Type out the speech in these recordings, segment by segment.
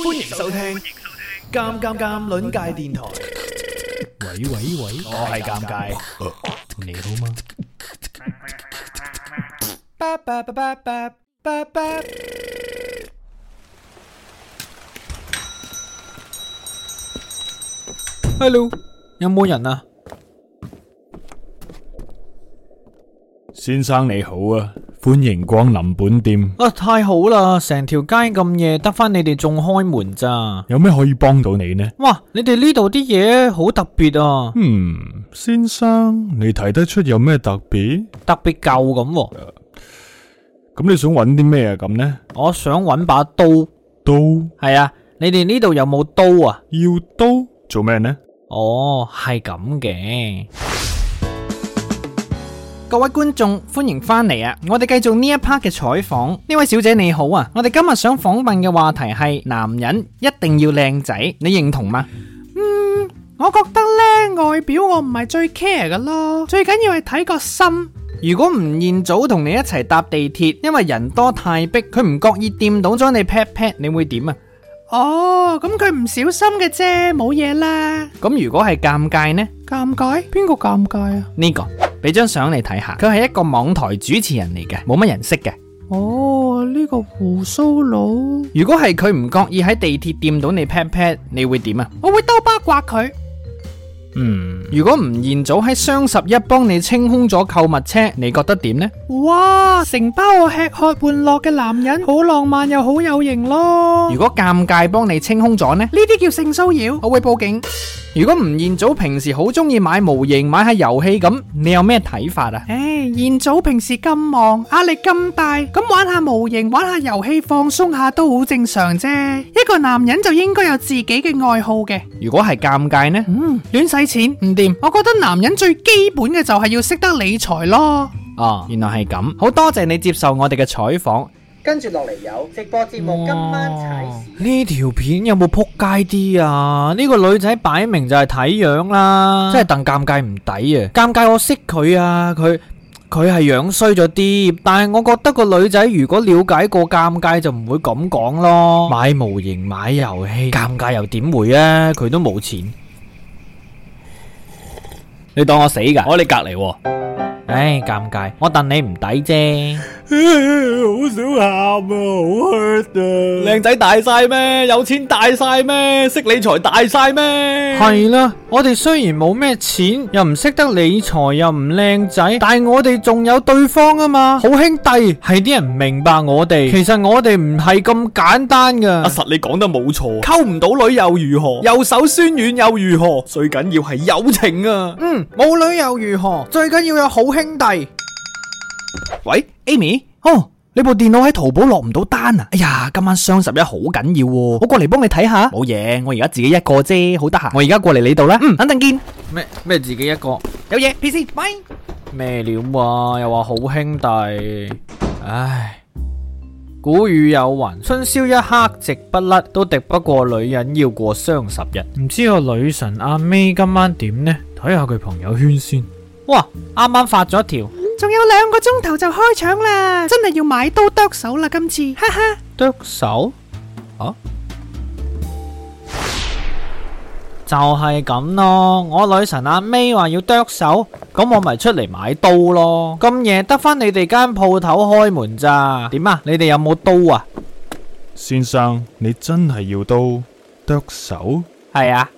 歡迎收聽《尷尷尷》輪界電台。喂喂喂，我係尷尬，你好嗎？Hello，有冇人啊？先生你好啊。歡迎光臨本店。哇、啊，太好啦！成條街咁夜，得返你哋仲開門咋？有咩可以幫到你呢？哇，你哋呢度啲嘢好特別啊！嗯，先生，你睇得出有咩特別？特別舊咁喎。咁、啊、你想揾啲咩啊？咁呢？我想揾把刀。刀？係啊，你哋呢度有冇刀啊？要刀做咩呢？哦，係咁嘅。各位觀眾歡迎翻嚟啊！我哋繼續呢一 part 嘅採訪。呢位小姐你好啊！我哋今日想訪問嘅話題係男人一定要靚仔，你認同嗎？嗯，我覺得呢，外表我唔係最 care 㗎咯，最緊要係睇個心。如果吳彥祖同你一齊搭地鐵，因為人多太逼，佢唔覺意掂到咗你 pat pat，你會點啊？哦，咁佢唔小心嘅啫，冇嘢啦。咁如果係尷尬呢？尷尬？邊個尷尬啊？呢個。俾張相你睇下，佢係一個網台主持人嚟嘅，冇乜人識嘅。哦，呢個胡鬚佬，如果係佢唔覺意喺地鐵掂到你 pat pat，你會點啊？我會兜巴刮佢。嗯，如果吳彥祖喺雙十一幫你清空咗購物車，你覺得點呢？哇，承包我吃喝玩樂嘅男人，好浪漫又好有型咯。如果尷尬幫你清空咗呢？呢啲叫性騷擾，我會報警。如果吳彥祖平時好中意買模型，買下遊戲咁，你有咩睇法啊？唉、欸，彥祖平時咁忙，壓力咁大，咁玩下模型，玩下遊戲放鬆下都好正常啫。一個男人就應該有自己嘅愛好嘅。如果係尷尬呢？嗯，亂使錢唔掂，行我覺得男人最基本嘅就係要識得理財咯。哦，原來係咁，好多謝你接受我哋嘅採訪。跟住落嚟有直播節目，今晚踩屎。呢條片有冇撲街啲啊？呢個女仔擺明就係睇樣啦，真係鄧尷尬唔抵啊！尷尬，我識佢啊，佢佢係樣衰咗啲，但係我覺得個女仔如果了解過尷尬，就唔會咁講咯。買模型買遊戲，尷尬又點會啊？佢都冇錢，你當我死噶？我喺你隔籬。唉，尷尬，我鄧你唔抵啫。 好少喊啊，好 hurt 啊！靚仔大晒咩？有錢大晒咩？識理財大晒咩？係啦， 我哋雖然冇咩錢，又唔識得理財，又唔靚仔，但係我哋仲有對方啊嘛，好兄弟係，啲人唔明白我哋，其實我哋唔係咁簡單噶。阿實你講得冇錯，溝唔到女又如何？右手酸軟又如何？最緊要係友情啊！嗯，冇女又如何？最緊要有好兄弟。喂，Amy，哦，你部電腦喺淘寶落唔到單啊！哎呀，今晚雙十一好緊要，啊，我過嚟幫你睇下。冇嘢，我而家自己一個啫，好得閒。我而家過嚟你度啦，嗯，等陣見。咩咩自己一個？有嘢，PC，喂，咩料啊？又話好兄弟，唉，古語有云，春宵一刻直不甩，都敵不過女人要過雙十日。唔知我女神阿 May 今晚點呢？睇下佢朋友圈先。哇，啱啱發咗條。仲有兩個鐘頭就開場啦，真係要買刀剁手啦！今次，哈哈，剁手啊！就係咁咯，我女神阿 May 話要剁手，咁我咪出嚟買刀咯。咁夜得返你哋間鋪頭開門咋？點啊？你哋有冇刀啊？先生，你真係要刀剁手？係啊，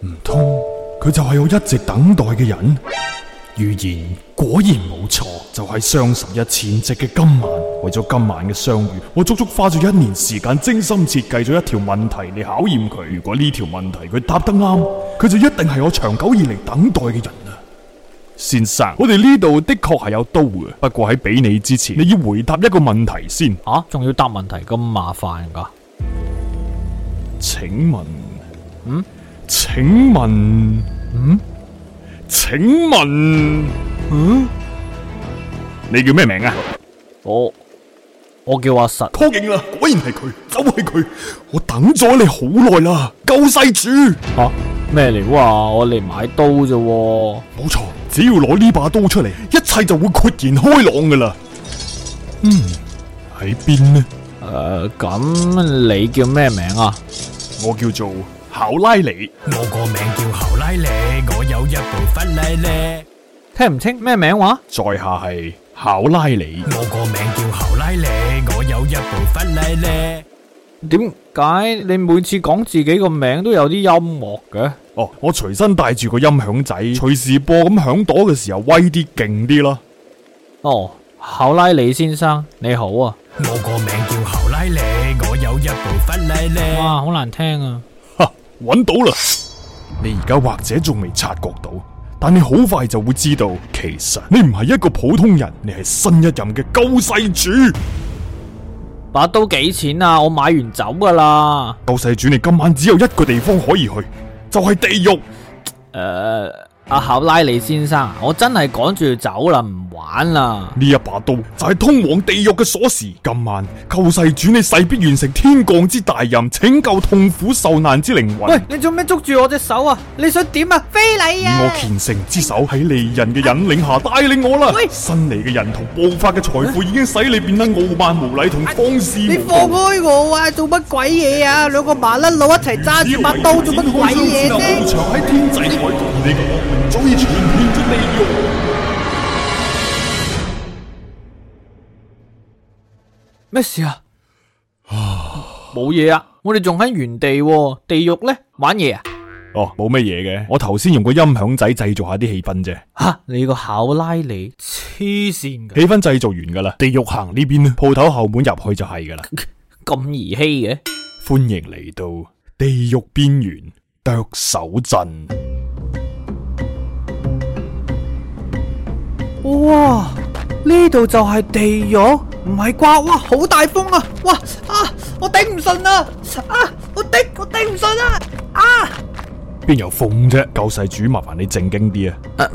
唔通佢就係我一直等待嘅人？預言果然冇錯，就係雙十一前夕嘅今晚。為咗今晚嘅相遇，我足足花咗一年時間精心設計咗一條問題嚟考驗佢。如果呢條問題佢答得啱，佢就一定係我長久以嚟等待嘅人啦。先生，我哋呢度的確係有刀嘅，不過喺俾你之前，你要回答一個問題先。啊，仲要答問題咁麻煩㗎？請問，嗯？請問，嗯？請問，嗯咦，你叫咩名啊？我、哦、我叫阿實。確定啦，果然係佢，就係、是、佢。我等咗你好耐啦，救世主。吓、啊，咩嚟？啊？我嚟買刀啫、啊。冇錯，只要攞呢把刀出嚟，一切就會豁然開朗噶啦。嗯，喺邊呢？誒、呃，咁你叫咩名啊？我叫做。考拉尼，我個名叫考拉尼，我有一部弗拉尼，聽唔清咩名話？在下係考拉尼，我個名叫考拉尼，我有一部弗拉尼。點解你每次講自己個名都有啲音樂嘅？哦，我隨身帶住個音響仔，隨時播咁響朵嘅時候威啲，勁啲咯。哦，考拉尼先生，你好啊。我個名叫考拉尼，我有一部弗拉尼。哇，好難聽啊！揾到啦！你而家或者仲未察覺到，但你好快就會知道，其實你唔係一個普通人，你係新一任嘅救世主。把刀幾錢啊？我買完走㗎啦。救世主，你今晚只有一個地方可以去，就係、是、地獄。誒、uh。阿考拉利先生，我真係趕住走啦，唔玩啦。呢一把刀就係、是、通往地獄嘅鎖匙。今晚救世主，你誓必完成天降之大任，拯救痛苦受難之靈魂。喂，你做咩捉住我隻手啊？你想點啊？非禮啊！以我虔誠之手喺利人嘅引領下帶領我啦、啊。新嚟嘅人同暴發嘅財富已經使你變得傲慢無禮同放肆無度。你放開我啊！做乜鬼嘢啊？兩個麻甩佬一齊揸住把刀宵宵、啊、做乜鬼嘢？你唔喺天仔咩事啊？冇嘢啊，啊！我哋仲喺原地、啊，地獄咧玩嘢啊！哦，冇咩嘢嘅。我頭先用個音響仔製造一下啲氣氛啫。吓，你個考拉你黐線嘅！氣氛製造完噶啦，地獄行邊呢邊啦，鋪頭後門入去就係噶啦。咁兒戲嘅？歡迎嚟到地獄邊緣剁手鎮。哇！呢度就係地獄，唔係啩？哇，好大風啊！哇啊，我頂唔順啊！啊，我頂我頂唔順啊！啊，邊、啊啊、有風啫？救世主，麻煩你正經啲啊！唔、呃、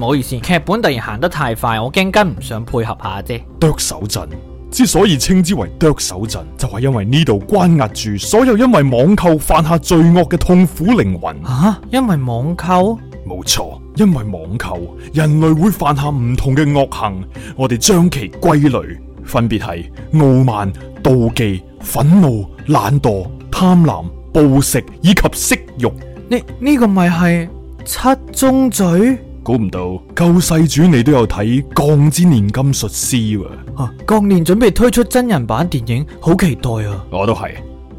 好意思，劇本突然行得太快，我驚跟唔上，配合下啫。剁手鎮之所以稱之為剁手鎮，就係、是、因為呢度關押住所有因為網購犯下罪惡嘅痛苦靈魂。啊，因為網購？冇錯。因為妄求人類會犯下唔同嘅惡行，我哋將其歸類，分別係傲慢、妒忌、憤怒、懶惰、貪婪、暴食以及色欲。呢呢個咪係七宗罪？估唔到，救世主你都有睇《鋼之煉金術師、啊》喎、啊。吓，鋼煉準備推出真人版電影，好期待啊！我都係。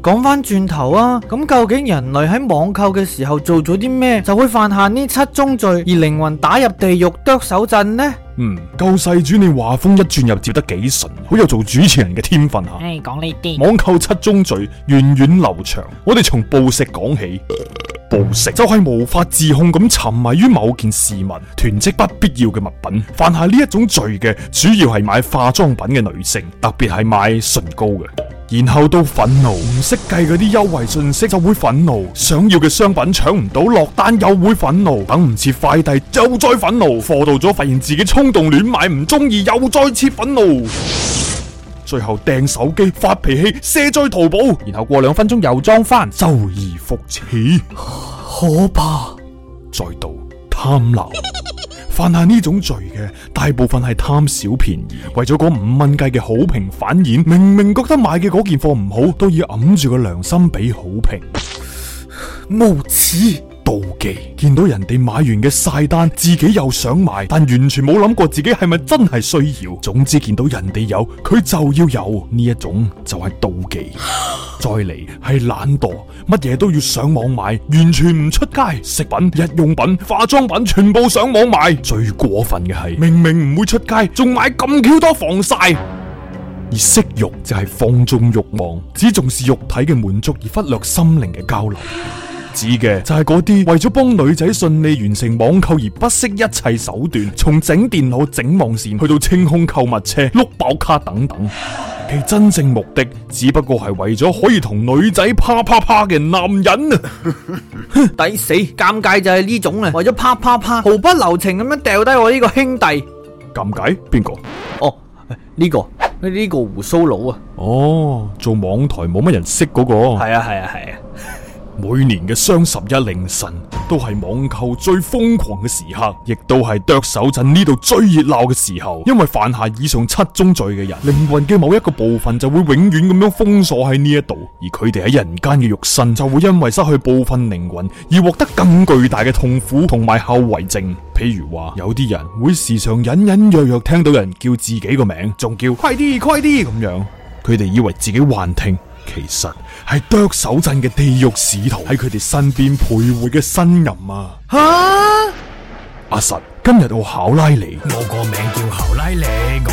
講返轉頭啊，咁究竟人類喺網購嘅時候做咗啲咩，就會犯下呢七宗罪而靈魂打入地獄剁手陣呢？嗯，救世主你話風一轉又接得幾順，好有做主持人嘅天分吓。誒、哎，講呢啲網購七宗罪源遠流長，我哋從暴食講起。暴食就係無法自控咁沉迷於某件事物，囤積不必要嘅物品。犯下呢一種罪嘅主要係買化妝品嘅女性，特別係買唇膏嘅。然後到憤怒，唔識計嗰啲優惠信息就會憤怒，想要嘅商品搶唔到落單又會憤怒，等唔切快遞又再憤怒，貨到咗發現自己衝動亂買唔中意又再切憤怒， 最後掟手機發脾氣卸載淘寶，然後過兩分鐘又裝翻，周而復始，可怕。再度貪婪。 犯下呢種罪嘅，大部分係貪小便宜，為咗嗰五蚊雞嘅好評返現，明明覺得買嘅嗰件貨唔好，都要揞住個良心俾好評，無恥。妒忌，見到人哋買完嘅晒單，自己又想買，但完全冇諗過自己係咪真係需要。總之見到人哋有，佢就要有，呢一種就係妒忌。 再嚟係懶惰，乜嘢都要上網買，完全唔出街，食品、日用品、化妝品全部上網買。最過分嘅係，明明唔會出街，仲買咁 q 多防曬。 而色欲就係放縱慾望，只重視肉體嘅滿足而忽略心靈嘅交流。 指嘅就係嗰啲為咗幫女仔順利完成網購而不惜一切手段，從整電腦、整網線去到清空購物車、碌爆卡等等，其真正目的只不過係為咗可以同女仔啪啪啪嘅男人啊！哼，抵死！尷尬就係呢種啊，為咗啪啪啪毫不留情咁樣掉低我呢個兄弟。尷尬？邊個？哦，呢個呢個鬍鬚佬啊！哦，做網台冇乜人識嗰個。係啊，係啊，係啊！每年嘅雙十一凌晨都係網購最瘋狂嘅時刻，亦都係剁手鎮呢度最熱鬧嘅時候。因為犯下以上七宗罪嘅人，靈魂嘅某一個部分就會永遠咁樣封鎖喺呢一度，而佢哋喺人間嘅肉身就會因為失去部分靈魂而獲得咁巨大嘅痛苦同埋後遺症。譬如話，有啲人會時常隱隱約約聽到人叫自己個名，仲叫快啲，快啲咁樣，佢哋以為自己幻聽。其實係剁手鎮嘅地獄使徒喺佢哋身邊徘徊嘅呻吟啊！吓蛤，阿神，今日到考拉你，我個名叫考拉利，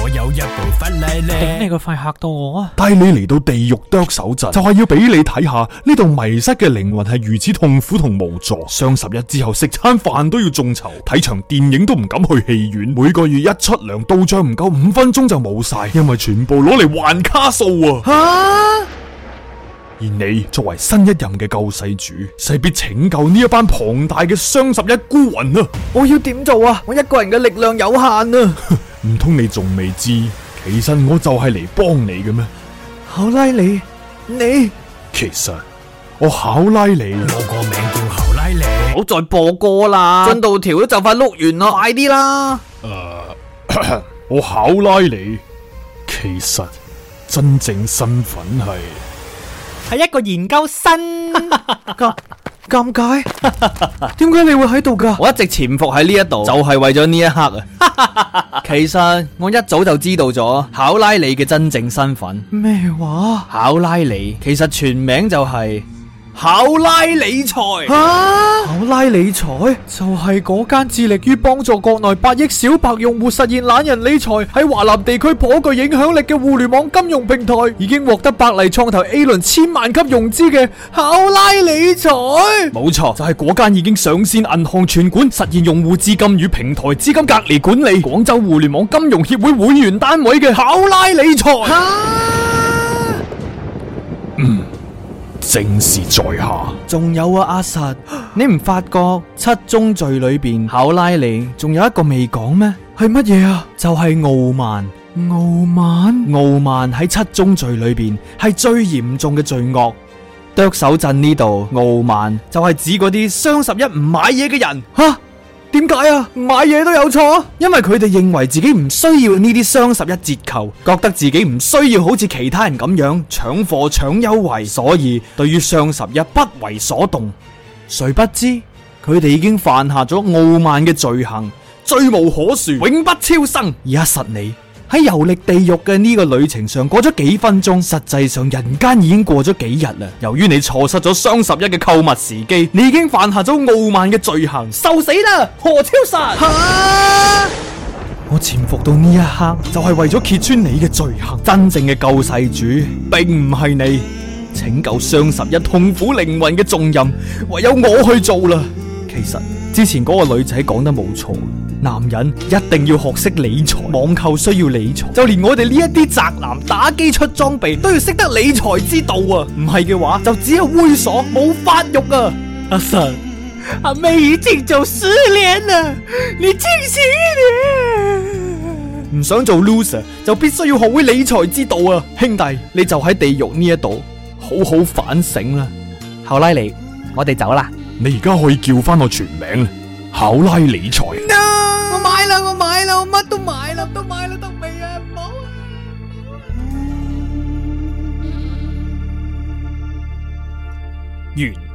我有一部法拉利。頂你個肺吓到我啊！帶你嚟到地獄剁手鎮就係、是、要俾你睇下呢度迷失嘅靈魂係如此痛苦同無助。雙十一之後食餐飯都要眾籌，睇場電影都唔敢去戲院，每個月一出糧到賬唔夠五分鐘就冇晒，因為全部攞嚟還卡數啊！吓！而你作為新一任嘅救世主，勢必拯救呢一班龐大嘅雙十一孤魂啊！我要點做啊？我一個人嘅力量有限啊！唔通 你仲未知？其實我就係嚟幫你嘅咩？考拉你，你其實我考拉你，我個名叫考拉你，我再播歌啦，進度條都就快碌完啦，快啲啦！誒，我考拉你， 其實真正身份係。係一個研究生， 尷尬，點 解你會喺度㗎？我一直潛伏喺呢一度，就係為咗呢一刻啊！ 其實我一早就知道咗考拉里嘅真正身份。咩話麼？考拉里其實全名就係、是。考拉理財，哈考拉理財，就係嗰間致力於幫助國內八億小白用戶實現懶人理財，喺華南地區頗具影響力嘅互聯網金融平台，已經獲得百麗創投 A 輪千萬級融資嘅考拉理財。冇錯，就係嗰間已經上線銀行存管，實現用戶資金與平台資金隔離管理，廣州互聯網金融協會會員單位嘅考拉理財。哈嗯。正是在下。仲有啊，阿實，你唔發覺七宗罪裏邊考拉尼仲有一個未講咩？係乜嘢啊？就係傲慢。傲慢？傲慢喺七宗罪裏邊係最嚴重嘅罪惡。剁手鎮呢度傲慢就係指嗰啲雙十一唔買嘢嘅人。哈、啊。點解啊？買嘢都有錯，因為佢哋認為自己唔需要呢啲雙十一折扣，覺得自己唔需要好似其他人咁樣搶貨搶優惠，所以對於雙十一不為所動。誰不知佢哋已經犯下咗傲慢嘅罪行，罪無可恕，永不超生。而一實你。喺遊歷地獄嘅呢個旅程上過咗幾分鐘，實際上人間已經過咗幾日啦。由於你錯失咗雙十一嘅購物時機，你已經犯下咗傲慢嘅罪行，受死啦，何超神！哈我潛伏到呢一刻就係、是、為咗揭穿你嘅罪行。真正嘅救世主並唔係你，拯救雙十一痛苦靈魂嘅重任，唯有我去做啦。其實之前嗰個女仔講得冇錯。男人一定要學識理財，網購需要理財，就連我哋呢一啲宅男打機出裝備都要識得理財之道啊！唔係嘅話就只有猥瑣冇發育啊！阿神，阿美已經做十年啦，你清醒啲！唔想做 loser 就必須要學會理財之道啊！兄弟，你就喺地獄呢一度好好反省啦！考拉你，我哋走啦！你而家可以叫翻我全名，考拉理財。No! 我買啦，我乜都買啦，都買啦都未啊，冇啊。完。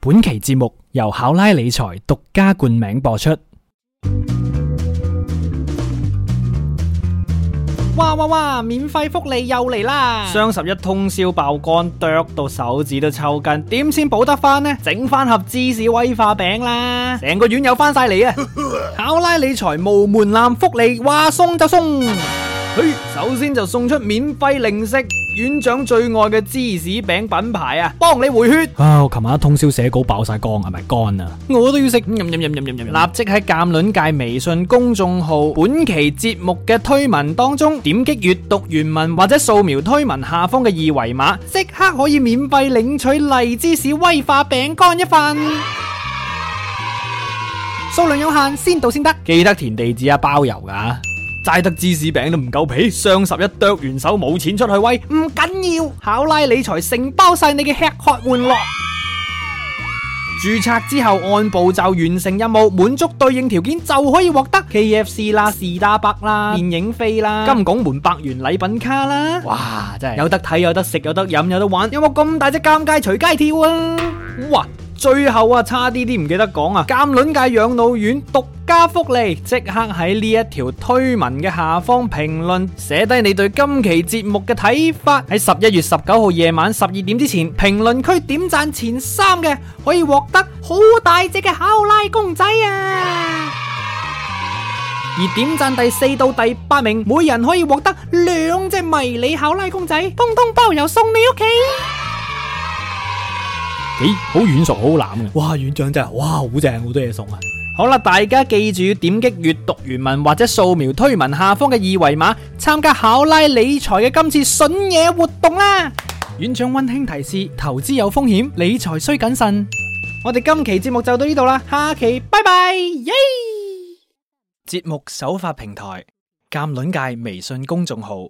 本期節目由考拉理財獨家冠名播出。哇哇哇！免費福利又嚟啦！雙十一通宵爆肝，剁到手指都抽筋，點先補得翻呢？整翻盒芝士威化餅啦，成個院有翻晒嚟啊！ 考拉理財無門檻福利，話送就送。首先就送出免費零食，院長最愛嘅芝士餅品牌啊，幫你回血。我琴晚通宵寫稿，爆晒光係咪干啊？我，是是啊我都要食，嗯嗯嗯嗯嗯嗯、立即喺鑑論界微信公眾號本期節目嘅推文當中，點擊閱讀原文或者掃描推文下方嘅二維碼，即刻可以免費領取麗芝士威化餅乾一份。數 量有限，先到先得，記得填地址啊，包郵噶、啊。齋得芝士餅都唔夠皮，雙十一剁完手冇錢出去喂，唔緊要，要，考拉理財承包晒你嘅吃喝玩樂。 註冊之後按步驟完成任務，滿足對應條件就可以獲得 KFC 啦、士打啤啦、電影飛啦、金拱門百元禮品卡啦。哇，真係有得睇、有得食、有得飲、有得玩，有冇咁大隻尷尬隨街跳啊？哇， 最後啊，差啲啲唔記得講啊，監卵界養老院獨，.加福利，即刻喺呢一條推文嘅下方評論寫低你對今期節目嘅睇法。喺十一月十九號夜晚十二點之前，評論區點讚前三嘅可以獲得好大隻嘅考拉公仔啊！ 而點讚第四到第八名，每人可以獲得兩隻迷你考拉公仔，通通包郵送你屋企。咦、欸，好軟熟，好攬嘅。哇，院長真係，哇，好正，好多嘢送啊！好啦，大家記住要點擊閱讀原文或者掃描推文下方嘅二維碼，參加考拉理財嘅今次筍嘢活動啦！ 院長溫馨提示：投資有風險，理財需謹慎。 我哋今期節目就到呢度啦，下期拜拜，耶、yeah!！節目首發平台：鑑論界微信公眾號。